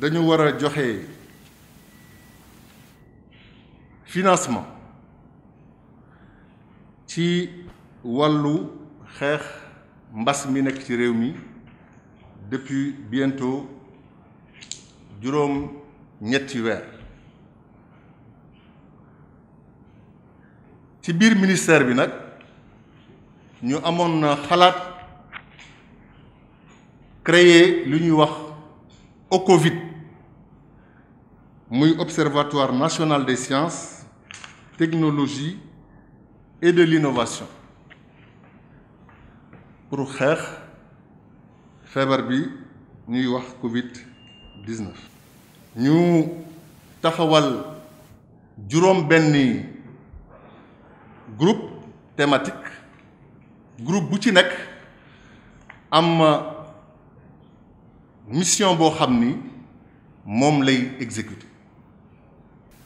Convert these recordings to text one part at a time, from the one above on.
dañu war a financement ci wàllu xeex mbas mi nekk ci depuis bientôt juróom ñetti weer ci biir ministère bi nag ñu amoon na créer lu ñuy wax muy observatoire national des sciences technologies et de l'innovation pour xeex feebar bi ñuy wax Covid 19. Nous taxawal juróom-benni groupe thématique groupe bu ci mission boo xam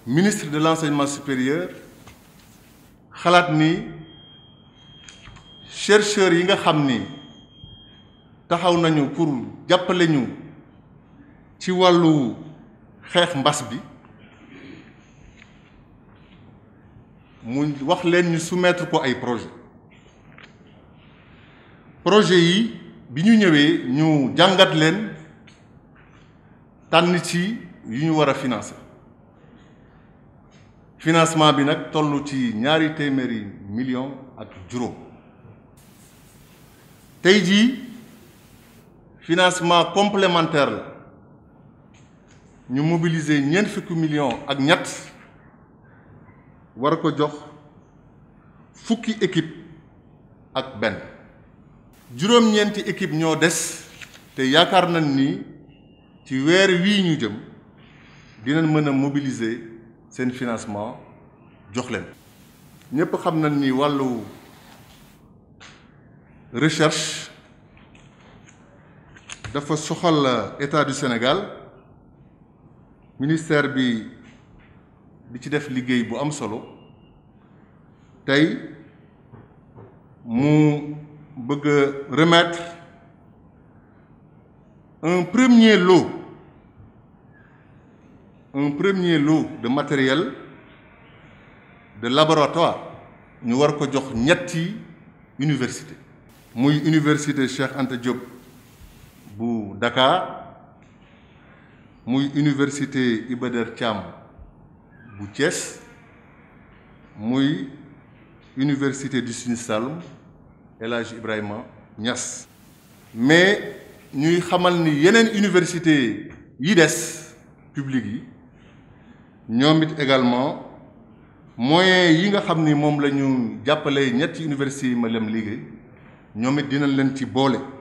ministre de l'enseignement supérieur xalaat ni chercheurs yi nga xam ni taxaw nañu pour nous ci wàllu xeex mbas soumettre ko ay projet projet yi ñu financer financement bi nag toll ci ñaari téeméeri million ak juróom tey jii financement complementaire la ñu mobiliser ñeent million ak ñett wara ko jox fukki équipe ak benn juróom-ñeenti équipe ñoo des te yaakaar nañ ni ci weer wii ñu jëm dinañ mën a mobiliser un financement jox leen ñëpp ni recherche dafa soxal état du Sénégal ministère bi di ci def remettre un premier lot un premier lot de matériel de laboratoire ñu war ko jox ñetti université muy université Cheikh Anta Diop bu Dakar muy université Ibader Kiam... Thiam bu Thiès muy université du Sine El Hadj Ibrahima Niass mais Nous avons ni yeneen université yi publique ñoom it également moyens yi nga xam ni moom la ñu jàppalee ñetti universités yi ma lem liggéey ñoom it dinañ leen ci boole